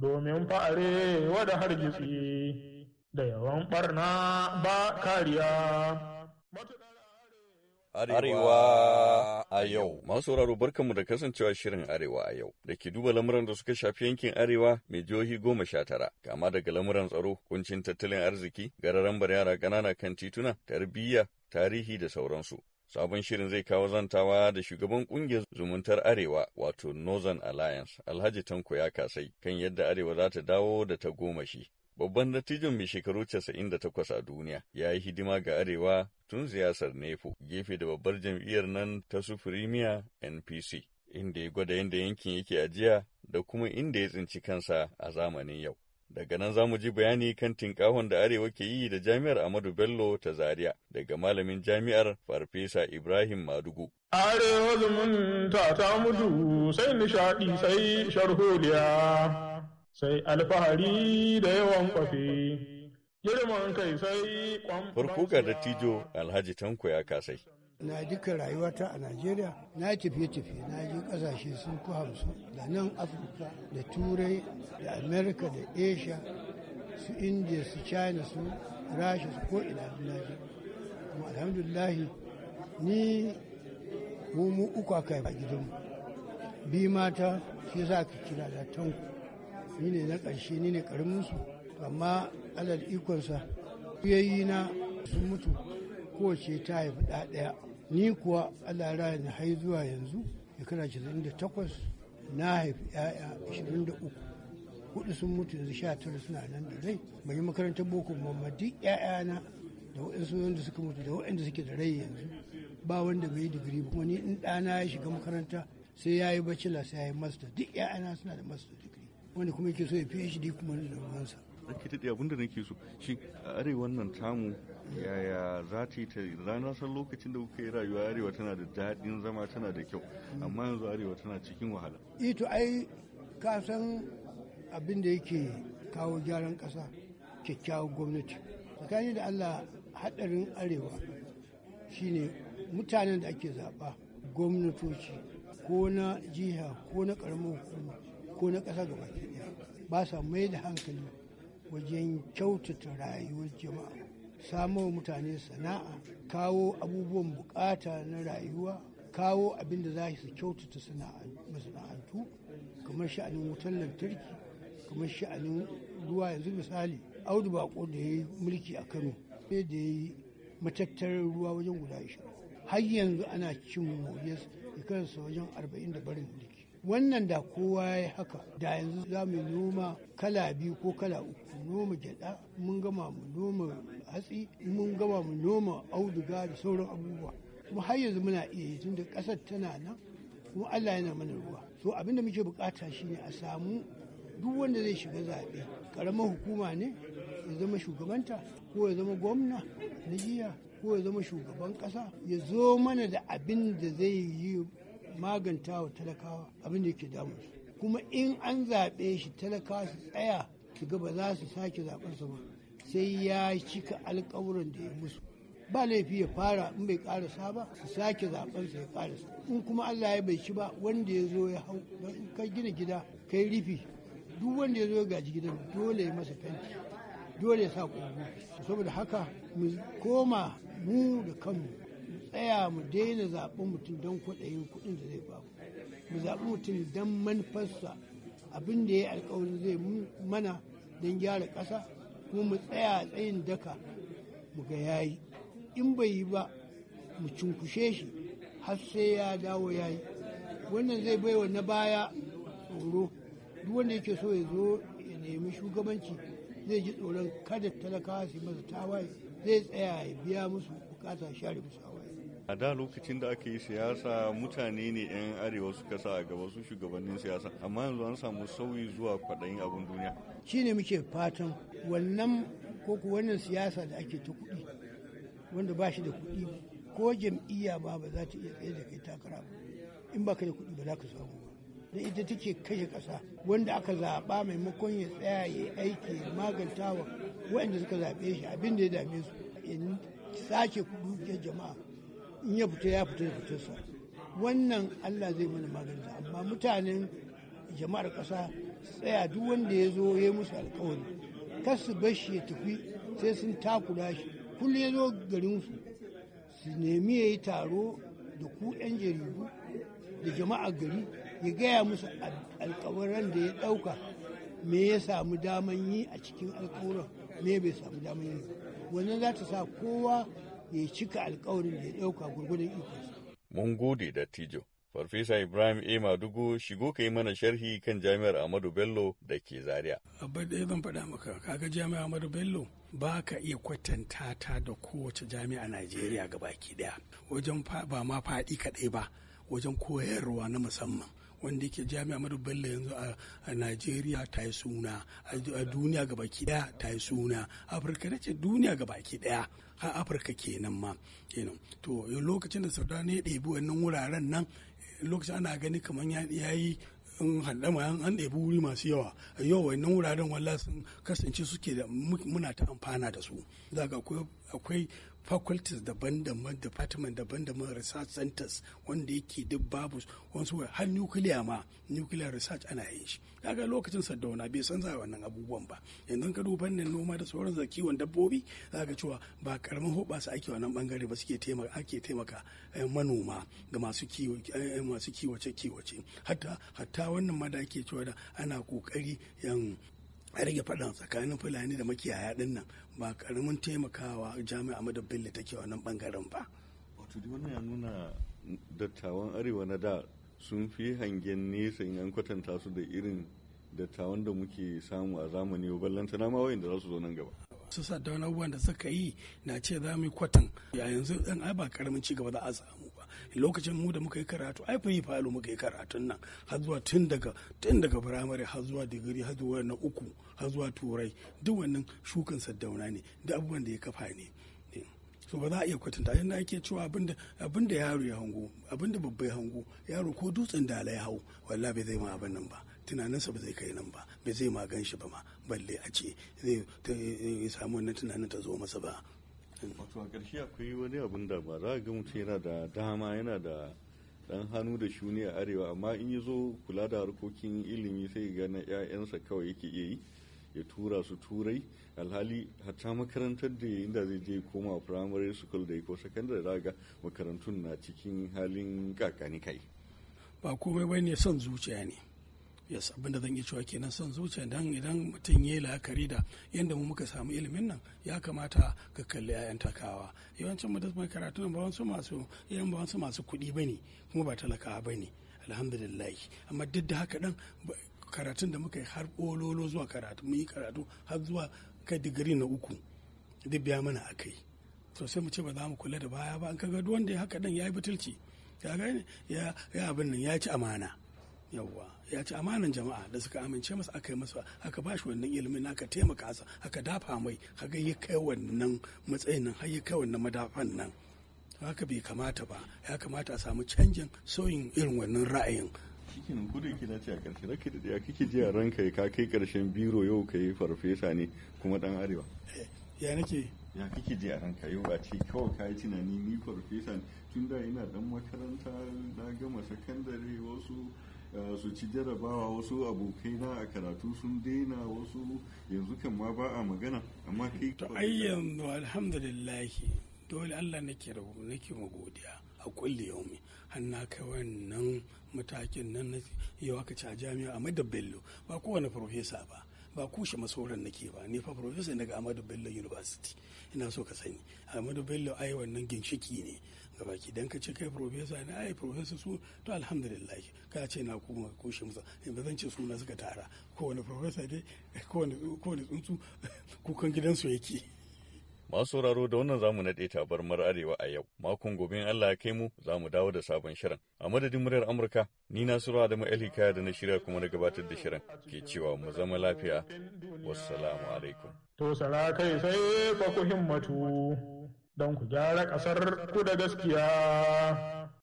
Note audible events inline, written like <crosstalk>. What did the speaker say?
domin fa'are wada hargitsi da yawan ɓarna ba kariya. Arewa a yau. Masu sauraro barkanmu da kasancewa shirin Arewa a yau da ke duba lamuran da suka shafi yankin Arewa mai jihohi goma sha tara, kama daga lamuran tsaro, kuncin tattalin arziki, gararan yara ƙanana kan tituna, tarbiyya, tarihi da sauransu. Sabon shirin zai kawo zantawa da shugaban kungiyar zumuntar Arewa wato Northern Alliance Alhaji Tanko ya kasai kan yadda Arewa za ta dawo da ta goma shi. Babban dattijon mai shekaru 98 a duniya ya yi hidima ga Arewa tun siyasar NEPO gefe da babbar jam'iyyar nan ta Sufurimiya NPC inda ya gwada yanda yankin yake ajiya da kuma inda ya tsinci kansa a zamanin yau. Daga nan za mu ji bayani kan tinkahon da Arewa ke yi da Jami'ar Amadu Bello ta Zaria daga malamin jami'ar Farfesa Ibrahim Madugu. Arewa zumunta ta mutu sai nishaɗi sai sharholiya sai alfahari da yawan kai kwafe. Farko ga dattijo Alhaji Tanko ya kasai, na duka rayuwata a najeriya na tafiye-tafiye na je kasashe sun ku hamsin da nan afirka da turai da amerika da asia su india su china su rasha su ko ina na ji kuma alhamdulahi ni mu uku aka yi a bi mata shi za ka kira da tanku ni ne na ƙarshe ni ne ƙaramin su amma alal ikonsa yayi na sun mutu kowace ta haifi ɗa ɗaya ni kuwa allah raya ni hai zuwa yanzu shekara 98 na haifi 'ya'ya 23 hudu sun mutu yanzu 19 suna nan da rai ban yi makarantar boko mamadi duk 'ya'yana da waɗansu wanda suka mutu da waɗanda suke da rai yanzu ba wanda bai yi digiri ba wani in ɗana ya shiga makaranta sai ya yi bachelor sai ya yi master duk ya'yana suna da master digiri wanda kuma yake so ya PhD kuma da ruwansa. Ake daɗe abinda nake so shi arewa wannan tamu yaya za ta yi ta ranar san lokacin da kuka yi rayuwa arewa tana da daɗin zama tana da kyau amma yanzu arewa tana cikin wahala ito eh ai ka san abin da yake kawo gyaran ƙasa kyakkyawar gwamnati tsakanin da allah haɗarin arewa shine mutanen da ake zaɓa gwamnatoci ko na jiha ko na ƙaramin hukuma ko na ƙasa gaba ɗaya ba sa mai da hankali wajen kyautata rayuwar jama'a samo mutane sana'a kawo abubuwan bukata na rayuwa kawo abin da za su kyautata masana'antu kamar sha'anin wutar lantarki kamar sha'anin ruwa yanzu misali audu bako da ya yi mulki a kano sai da ya yi matattarar ruwa wajen guda shi har yanzu ana cin moriyar shekararsa wajen arba'in da barin wannan da kowa ya haka da yanzu za mu noma kala biyu ko kala uku noma gyada mun gama mu noma hatsi mun gama mu noma auduga da sauran abubuwa kuma har yanzu muna iya yi tunda ƙasar tana nan kuma Allah yana mana ruwa so abin da muke bukata shine a samu duk wanda zai shiga zaɓe karamar hukuma ne ya zama shugabanta ko ya zama gwamna na jiya ko ya zama shugaban ƙasa ya zo mana da abin da zai yi maganta wa talakawa abin da ke damun kuma in an zaɓe shi talakawa su tsaya su gaba za su sake zaɓen ba sai ya cika alkawuran da ya musu ba laifi ya fara in bai karasa ba su sake zaben ya karasa in kuma Allah ya bai ci ba wanda ya zo ya hau don ka gina gida kai rufi duk wanda ya zo ya gaji gidan dole ya masa fenti dole ya sa kogo saboda haka mu koma mu da kanmu tsaya mu daina zaɓen mutum don kwaɗayin kuɗin da zai bamu mu zaɓi mutum don manufarsa abin da ya yi alkawarin zai mana don gyara ƙasa kuma mu tsaya a tsayin daka mu ga yayi in bai yi ba mu cunkushe shi har sai ya dawo yayi wannan zai baiwa na baya tsoro duk wanda yake so ya zo ya nemi shugabanci zai ji tsoron kada talakawa su masa tawaye zai tsaya ya biya musu bukata share musu a da lokacin da aka yi siyasa mutane ne 'yan arewa suka sa a gaba su shugabannin siyasa amma yanzu an samu sauyi zuwa kwaɗayin abin duniya shi ne muke fatan wannan ko wannan siyasa da ake ta kuɗi wanda ba shi da kuɗi ko jam'iyya ba ba za ta iya tsaye da kai takara ba in ba ka da kuɗi ba za ka samu ba da ita take kashe ƙasa wanda aka zaɓa maimakon ya tsaya ya aiki ya maganta wa suka zaɓe shi abin da ya dame su in sake dukiyar jama'a in ya fita ya fita da fitarsa wannan allah zai mana magani amma mutanen jama'ar ƙasa tsaya duk wanda ya zo ya musu alkawari kar bashi ya tafi sai sun takura shi kullum ya zo garinsu su nemi ya yi taro da ku 'yan jaridu da jama'ar gari ya gaya musu alkawaran da ya ɗauka me ya samu daman yi a cikin alkawaran me bai samu daman yi wannan za ta sa kowa ya cika alkawarin da ya ɗauka gurgudun ikonsa. Mun gode da Tijo. Farfesa Ibrahim A. Madugu shigo ka yi mana sharhi kan jami'ar Ahmadu Bello da ke Zaria. Abba ɗaya zan faɗa maka, kaga jami'ar Ahmadu Bello ba ka iya kwatanta ta da kowace jami'a Najeriya baki ɗaya. Wajen ba ma faɗi kaɗai ba, wajen koyarwa na musamman. wanda yake jami'a madu bello yanzu a najeriya ta yi suna a duniya ga baki daya ta yi suna afirka na ce duniya ga baki daya har afirka kenan ma kenan to lokacin da saudani ya ɗebi wannan wuraren nan lokacin ana gani kamar ya yi in an ɗebi wuri masu yawa yau wannan wuraren walla sun kasance suke da muna ta amfana da su za ga akwai faculties daban-daban department daban-daban research centers wanda yake duk babu wasu har nuclear ma nuclear research ana yin shi kaga lokacin sadauna bai san za wannan abubuwan ba yanzu ka duba nan noma da sauran da kiwon dabbobi za cewa ba hoba hoɓasa ake wannan bangare ba suke taimaka ake taimaka eh, manoma ga masu kiwo eh, masu kiwace kiwace hatta hatta wannan ma da ake cewa da ana kokari yan a rage faɗan tsakanin fulani da makiyaya ɗin ba karamin taimakawa jami'a madu bello take wannan bangaren ba wato da wannan ya nuna dattawan arewa na da sun fi hangen nesa in an kwatanta su da irin dattawan da muke samu a zamani ballanta na ma wayanda za su zo nan gaba su sa da wani abubuwan da suka yi na ce za mu yi kwatan ya yanzu dan ai ba karamin ci gaba za a samu lokacin mu da muka yi karatu ai fa yi falo muka yi karatun nan har zuwa tun daga tun daga firamare har zuwa digiri har zuwa na uku har zuwa turai duk wannan shukan saddauna ne da abubuwan da ya kafa ne so ba za a iya kwatanta yadda ake cewa abinda yaro ya hango abinda babba ya hango yaro ko dutsen da ya hau walla bai zai ma abin nan ba tunaninsa ba zai kai nan ba bai zai ma gan shi ba ma balle a ce zai samu wannan tunanin ta zo masa ba wato a ƙarshe akwai wani abin da ba za a ga mutum yana da dama yana da dan hannu da shuni a arewa amma in ya zo kula da harkokin ilimi sai ga na 'ya'yansa kawai yake iya yi ya tura su turai alhali hatta makarantar da ya inda zai je koma primary school da ya ko secondary ga makarantun na cikin halin kakani kai ba komai bai ne son zuciya ne yes abin da zan iya cewa kenan son zuciya dan idan mutum ya la'akari da yadda mu muka samu ilimin nan ya kamata ka kalli 'ya'yan takawa yawancin mu da mai karatu ba wasu masu irin ba wasu masu kuɗi bane kuma ba talakawa bane alhamdulillah amma duk da haka dan karatun da muka yi har ololo zuwa karatu mun yi karatu har zuwa kai digiri na uku duk biya mana akai to sosai mu ce ba za mu kula da baya ba an kaga duk wanda ya haka dan ya yi butulci ya ya abin nan ya ci amana yawwa ya ci amanan jama'a da suka amince masa aka yi masa aka bashi wannan ilimin aka taimaka sa aka dafa mai kaga ya kai wannan matsayin nan har ya kai wannan madafan nan haka bai kamata ba ya kamata a samu canjin sauyin irin wannan ra'ayin cikin gudun na ce a ƙarshe rake da ya kike ji a ranka ka kai ƙarshen biro yau ka yi farfesa ne kuma ɗan arewa eh, ya nake ya kike ji a ranka yau a ce kawai ka yi tunani ni farfesa tun da ina ɗan makaranta na gama sakandare wasu Eh, su ci jarabawa wasu abokai na a karatu sun daina wasu yanzu kan ma ba a magana amma kai to ai yanzu alhamdulillah dole Allah nake rabu nake mu godiya a kulle yaumi har na kai wannan matakin nan na yau aka ci a jami'a a bello ba kowane farfesa ba ba kushe masoran nake ba ne fa professor daga Ahmadu Bello University ina so ka sani Ahmadu Bello ai wannan ginshiki ne gabaki dan ka ce kai professor ne ai professor su to alhamdulillah ka ce na kuma kushe musa in bazan ce suna suka tara ko wani professor dai ko kowane tsuntsu <laughs> kukan gidansu yake Masu sauraro da wannan zamu naɗe tabarmar Arewa a yau. Makon gobe Allah ya kai mu za mu dawo da sabon shirin. A madadin muryar Amurka, ni na Nasiru Adamu Elika da na shirya kuma na gabatar da shirin ke cewa mu zama lafiya. Wassalamu alaikum. To sala kai sai fa ku himmatu don ku gyara ƙasar ku da gaskiya.